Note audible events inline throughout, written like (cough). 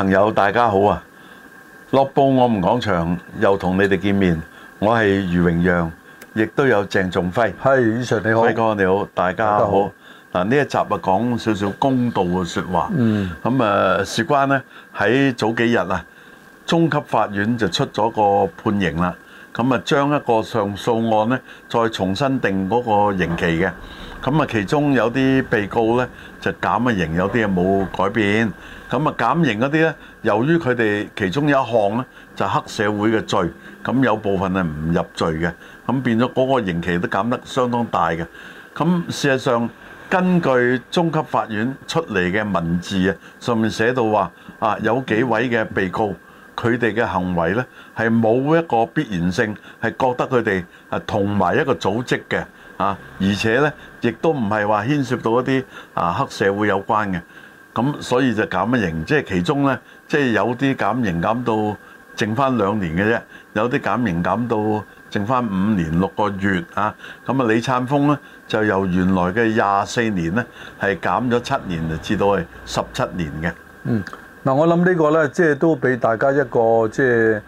朋友，大家好啊！樂報我們講場又同你哋見面，我係余榮讓，亦都有鄭仲輝，係，讓 Sir 你好，輝哥你好，大家好。嗱，呢一集啊，講少少公道嘅說話。嗯。咁啊，事關呢，喺早幾日啊，中級法院就出咗個判刑啦。咁啊，將一個上訴案呢，再重新定嗰個刑期嘅。咁啊，其中有啲被告呢就減啊刑，有啲啊冇改變。咁啊，減刑嗰啲呢，由於佢哋其中有一項呢就黑社會嘅罪，咁有部分係唔入罪嘅。咁變咗嗰個刑期都減得相當大嘅。咁事實上，根據中級法院出嚟嘅文字啊，上面寫到話啊，有幾位嘅被告。佢哋嘅行為呢，係冇一個必然性，係覺得佢哋啊同埋一個組織嘅啊，而且呢，亦都唔係話牽涉到一啲啊黑社會有關嘅，咁、啊、所以就減刑，即係其中呢，即係有啲減刑減到剩翻兩年嘅啫，有啲減刑減到剩翻五年六個月啊，咁啊，啊李燦峰呢，就由原來嘅廿四年呢，係減咗七年，年，就至到係十七年嘅，嗯。嗱，我諗呢個呢，即係都俾大家一個即係、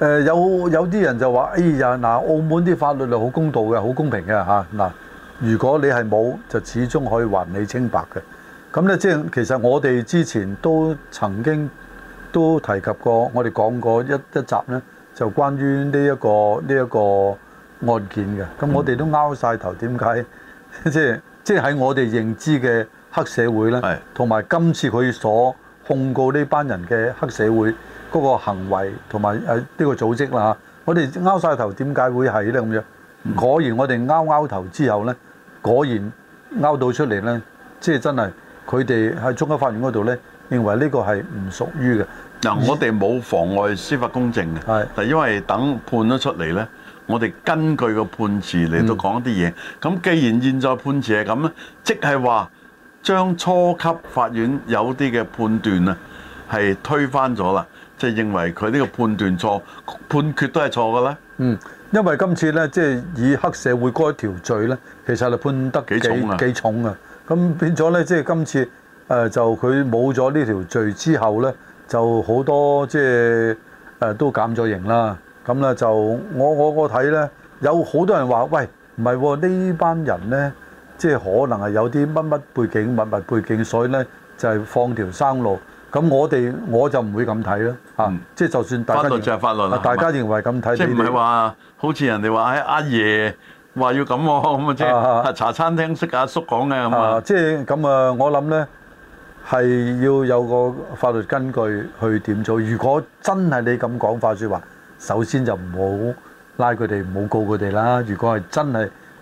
呃，有有啲人就話：哎呀，嗱，澳門啲法律係好公道嘅，好公平嘅嚇。嗱、啊，如果你係冇，就始終可以還你清白嘅。咁呢，即係其實我哋之前都曾經都提及過，我哋講過一一集呢，就關於呢一個呢一個案件嘅。咁、嗯、我哋都拗晒頭，點解 (laughs) 即係即係喺我哋認知嘅黑社會呢，同埋是今次佢所控告呢班人嘅黑社會嗰個行為同埋誒呢個組織啦嚇、啊，我哋拗晒頭點解會係咧咁樣？果然我哋拗拗頭之後咧，果然拗到出嚟咧，即係真係佢哋喺中級法院嗰度咧，認為呢個係唔屬於嘅。嗱、嗯，我哋冇妨礙司法公正嘅，係是，但因為等判咗出嚟咧，我哋根據個判詞嚟到講一啲嘢。咁、嗯、既然現在判詞係咁，即係話。將初級法院有啲嘅判斷啊，係推翻咗啦，即係認為佢呢個判斷錯，判決都係錯㗎啦。嗯，因為今次咧，即係以黑社會該條罪咧，其實係判得幾、幾重啊，幾重啊。咁變咗咧，即係今次誒就佢冇咗呢條罪之後咧，就好多即係誒都減咗刑啦。咁咧就我我我睇咧，有好多人話：喂，唔係呢班人咧。即係可能係有啲乜乜背景、物物背景，所以咧就係放條生路。咁我哋我就唔會咁睇啦。嚇，即係就算法律就係法律，大家認為咁睇。即係唔係話好似人哋話，哎阿爺話要咁喎咁啊？即係茶餐廳識阿叔講嘅啊，即係咁啊！我諗咧係要有個法律根據去點做。如果真係你咁講法説話，首先就唔好拉佢哋，唔好告佢哋啦。如果係真係，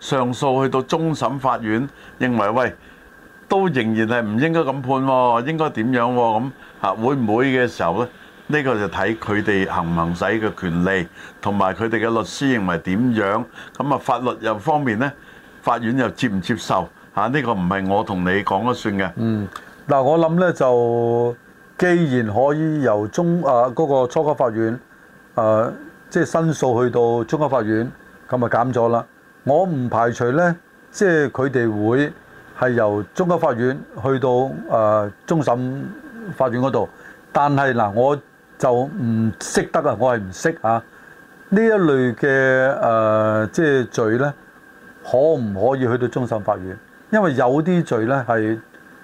上訴去到終審法院，認為喂都仍然係唔應該咁判喎、哦，應該點樣喎、哦？咁嚇會唔會嘅時候咧？呢、這個就睇佢哋行唔行使嘅權利，同埋佢哋嘅律師認為點樣？咁啊法律又方面咧，法院又接唔接受？嚇、啊、呢、這個唔係我同你講得算嘅。嗯，嗱我諗咧就，既然可以由中啊嗰、那個初級法院啊即係、就是、申訴去到中級法院，咁咪減咗啦。我唔排除呢，即係佢哋會係由中級法院去到誒、呃、終審法院嗰度，但係嗱，我就唔識得啊，我係唔識啊。呢一類嘅誒、呃，即係罪呢，可唔可以去到終審法院？因為有啲罪呢，係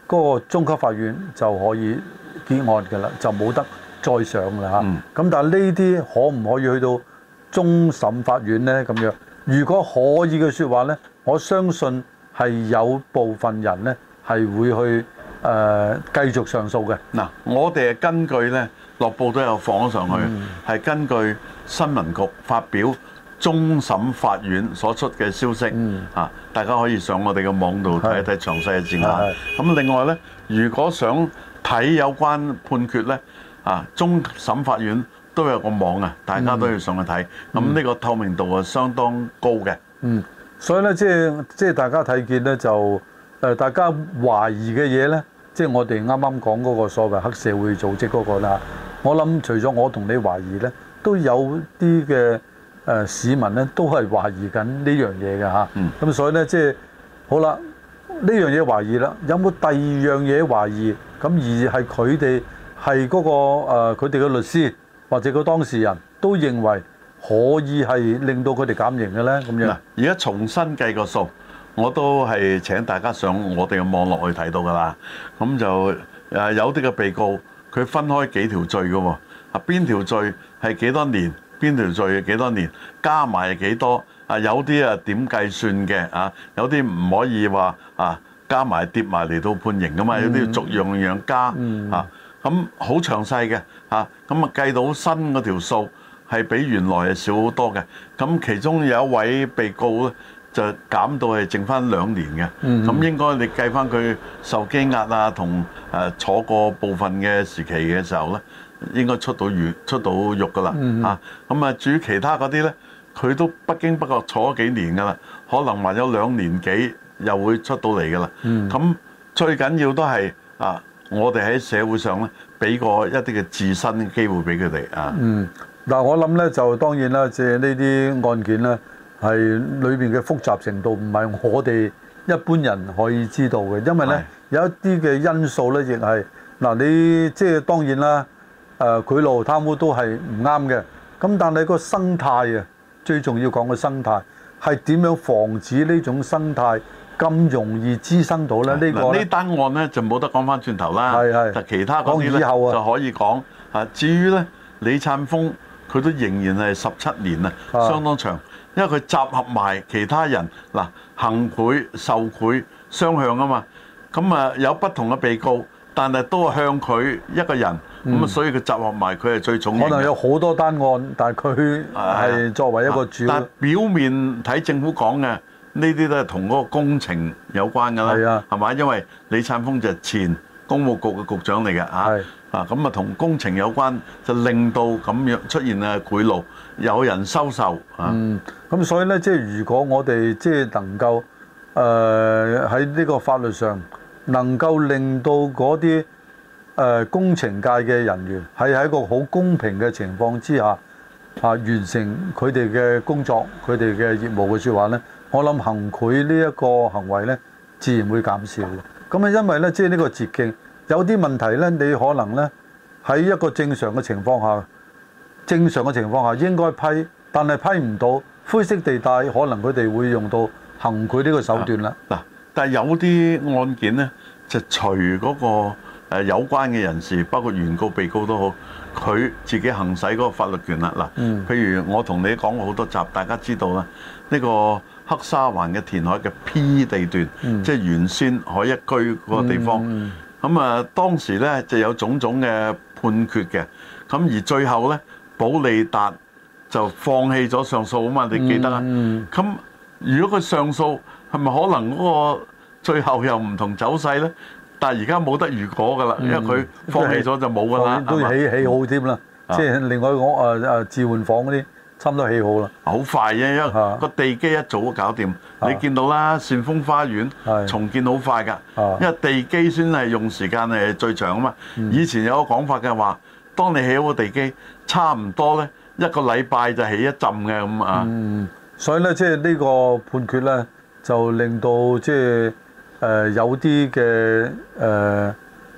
嗰個中級法院就可以結案㗎啦，就冇得再上㗎啦嚇。咁、嗯啊、但係呢啲可唔可以去到終審法院呢？咁樣？如果可以嘅説話呢，我相信係有部分人呢係會去誒、呃、繼續上訴嘅。嗱，我哋根據呢，落報都有放咗上去，係、嗯、根據新聞局發表終審法院所出嘅消息、嗯、啊。大家可以上我哋嘅網度睇一睇詳細嘅字眼。咁、啊、另外呢，如果想睇有關判決呢，啊，終審法院。都有個網啊，大家都要上去睇。咁呢、嗯、個透明度啊，相當高嘅。嗯，所以咧、就是，即係即係大家睇見咧，就誒、呃、大家懷疑嘅嘢咧，即、就、係、是、我哋啱啱講嗰個所謂黑社會組織嗰、那個啦。我諗除咗我同你懷疑咧，都有啲嘅誒市民咧，都係懷疑緊呢樣嘢嘅嚇。啊、嗯。咁所以咧、就是，即係好啦，呢樣嘢懷疑啦，有冇第二樣嘢懷疑？咁而係佢哋係嗰個誒，佢哋嘅律師。或者個當事人都認為可以係令到佢哋減刑嘅呢？咁樣。而家重新計個數，我都係請大家上我哋嘅網絡去睇到㗎啦。咁就誒有啲嘅被告，佢分開幾條罪嘅喎。啊，邊條罪係幾多年？邊條罪幾多年？加埋幾多？啊，有啲啊點計算嘅啊？有啲唔可以話啊，加埋跌埋嚟到判刑㗎嘛？有啲要逐樣樣加、嗯、啊。咁好詳細嘅嚇、啊，咁啊計到新嗰條數係比原來係少好多嘅。咁其中有一位被告咧，就減到係剩翻兩年嘅。咁、嗯、應該你計翻佢受羈押啊同誒坐過部分嘅時期嘅時候咧，應該出到愈出到肉㗎啦嚇。咁啊，嗯、啊至於其他嗰啲咧，佢都不經不覺坐咗幾年㗎啦，可能還有兩年幾又會出到嚟㗎啦。咁、嗯、最緊要都係啊～我哋喺社會上咧，俾個一啲嘅自身嘅機會俾佢哋啊。嗯，嗱，我諗咧就當然啦，即係呢啲案件咧，係裏邊嘅複雜程度唔係我哋一般人可以知道嘅，因為咧有一啲嘅因素咧亦係嗱，你即係當然啦，誒，賄賂貪污都係唔啱嘅。咁但係個生態啊，最重要講個生態係點樣防止呢種生態？咁容易滋生到咧？呢、呢個呢單案咧就冇得講返轉頭啦。係係是。嗱，其他嗰啲咧就可以講。啊，至於咧李燦峰，佢都仍然係十七年啊，相當長。因為佢集合埋其他人嗱，行賄、受賄、雙向啊嘛。咁啊，有不同嘅被告，但係都係向佢一個人。咁啊、嗯，所以佢集合埋佢係最重嘅。可能有好多單案，但係佢係作為一個主、啊啊。但表面睇政府講嘅。呢啲都係同嗰個工程有關㗎啦，係啊，係嘛？因為李燦烽就係前公務局嘅局長嚟嘅嚇，啊咁啊同工程有關，就令到咁樣出現嘅賄賂，有人收受嚇。啊、嗯，咁所以咧，即係如果我哋即係能夠誒喺呢個法律上能夠令到嗰啲誒工程界嘅人員係喺一個好公平嘅情況之下嚇、啊、完成佢哋嘅工作，佢哋嘅業務嘅説話咧。我諗行賄呢一個行為呢，自然會減少嘅。咁啊，因為呢，即係呢個捷徑，有啲問題呢，你可能呢，喺一個正常嘅情況下，正常嘅情況下應該批，但係批唔到灰色地帶，可能佢哋會用到行賄呢個手段啦、啊啊。但係有啲案件呢，就隨嗰個有關嘅人士，包括原告、被告都好，佢自己行使嗰個法律權啦。嗱、啊，譬如我同你講過好多集，大家知道啦，呢、呢個。黑沙環嘅填海嘅 P 地段，嗯、即係原先海一居嗰個地方，咁啊當時咧就有種種嘅判決嘅，咁而最後咧，保利達就放棄咗上訴啊嘛，你記得啊？咁、嗯、如果佢上訴，係咪可能嗰個最後又唔同走勢咧？但係而家冇得如果噶啦，嗯、因為佢放棄咗就冇噶啦，都起起好添啦，吧嗯啊、即係另外講啊啊置換房嗰啲。心都起好啦，好快嘅，因為個地基一早就搞掂。的你見到啦，旋風花園的重建好快㗎，的因為地基先係用時間係最長啊嘛。嗯、以前有個講法嘅話，當你起好個地基，差唔多咧一個禮拜就起一浸嘅咁啊。嗯，所以咧，即係呢個判決咧，就令到即係誒有啲嘅誒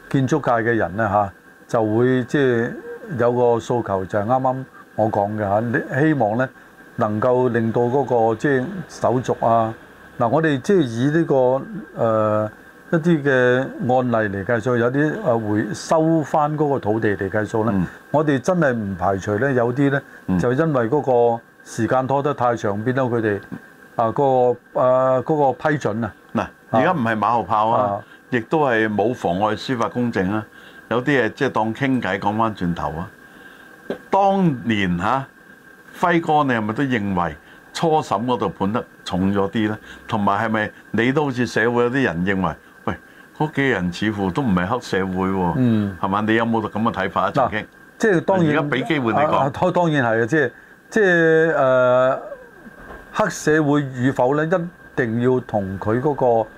建築界嘅人咧嚇，就會即係有個訴求就係啱啱。我講嘅嚇，你希望咧能夠令到嗰、嗰個即係手續啊嗱，我哋即係以呢、呢個誒、呃、一啲嘅案例嚟計數，有啲誒回收翻嗰個土地嚟計數咧，嗯、我哋真係唔排除咧有啲咧、嗯、就因為嗰個時間拖得太長，變到佢哋啊、嗰個誒嗰個批准啊嗱，而家唔係馬後炮啊，亦都係冇妨礙司法公正啊，有啲嘢即係當傾偈講翻轉頭啊。當年吓、啊、輝哥，你係咪都認為初審嗰度判得重咗啲咧？同埋係咪你都好似社會有啲人認為，喂，嗰幾人似乎都唔係黑社會喎、啊？嗯，係嘛？你有冇咁嘅睇法一齊傾、嗯？即係當然，而家俾機會你講、啊啊啊。當然係嘅，即係即係誒，黑社會與否咧，一定要同佢嗰個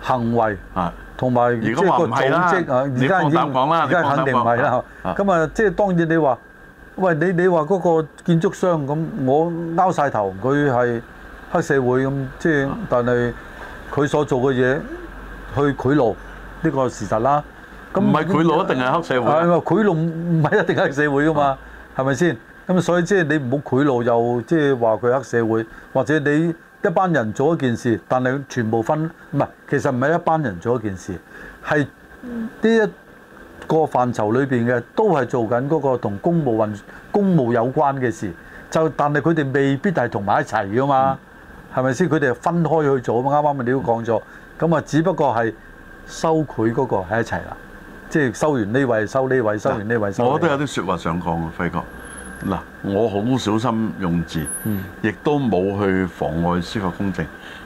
行為係。啊同埋即係個組織啊，而家已經而家肯定唔係啦。咁啊，即係當然你話，喂，你你話嗰個建築商咁，我拗晒頭，佢係黑社會咁，即係但係佢所做嘅嘢去賄賂呢個事實啦。咁唔係賄賂一定係黑社會。唔係、啊、賄賂唔係一定係黑社會噶嘛，係咪先？咁所以即係你唔好賄賂又即係話佢黑社會，或者你。一班人做一件事，但係全部分唔係，其實唔係一班人做一件事，係呢一個範疇裏邊嘅，都係做緊嗰個同公務運公務有關嘅事。就但係佢哋未必係同埋一齊噶嘛，係咪先？佢哋分開去做啊嘛，啱啱咪你都講咗。咁啊、嗯，只不過係收佢嗰個喺一齊啦，即係收完呢位，收呢位，收完呢位。收我都有啲説話想講啊，輝哥。嗱，我好小心用字，亦都冇去妨礙司法公正。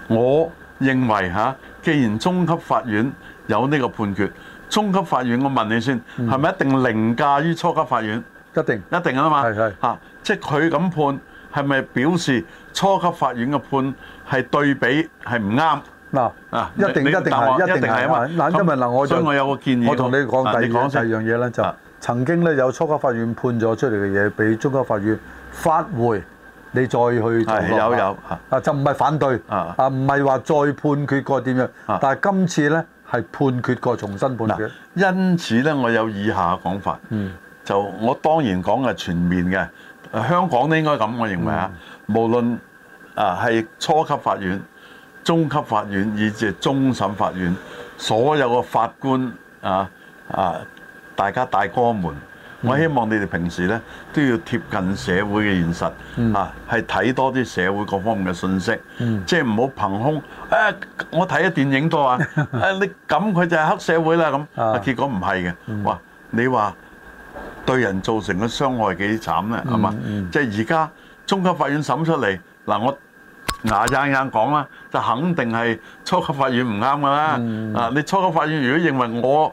我認為嚇，既然中級法院有呢個判決，中級法院我問你先，係咪一定凌駕於初級法院？一定，一定啊嘛，係係嚇，即係佢咁判，係咪表示初級法院嘅判係對比係唔啱？嗱啊，一定一定係，一定係啊嘛。因為嗱，我所以我有個建議，我同你講第二樣嘢咧，就。曾經咧有初級法院判咗出嚟嘅嘢，俾中級法院發回，你再去有有啊，就唔係反對啊，啊唔係話再判決過點樣，啊、但係今次咧係判決過重新判決。因此咧，我有以下講法。嗯，就我當然講嘅全面嘅。香港咧應該咁，我認為啊，嗯、無論啊係初級法院、中級法院以至係終審法院，所有個法官啊啊。啊啊大家大哥們，我希望你哋平時呢都要貼近社會嘅現實啊，係睇多啲社會各方面嘅信息，即係唔好憑空。誒，我睇咗電影多啊，誒你咁佢就係黑社會啦咁，啊結果唔係嘅。哇，你話對人造成嘅傷害幾慘咧？係嘛，即係而家中級法院審出嚟嗱，我牙硬硬講啦，就肯定係初級法院唔啱噶啦。啊，你初級法院如果認為我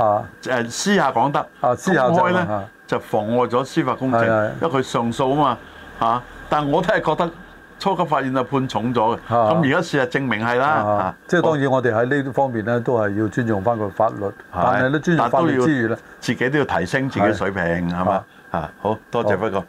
啊！誒私下講得私下開咧，就妨礙咗司法公正，因為佢上訴啊嘛嚇。但係我都係覺得初級法院係判重咗嘅。咁而家事實證明係啦。即係當然，我哋喺呢方面咧，都係要尊重翻個法律。但係咧，尊重法律之餘咧，自己都要提升自己水平，係嘛嚇？好多謝輝哥。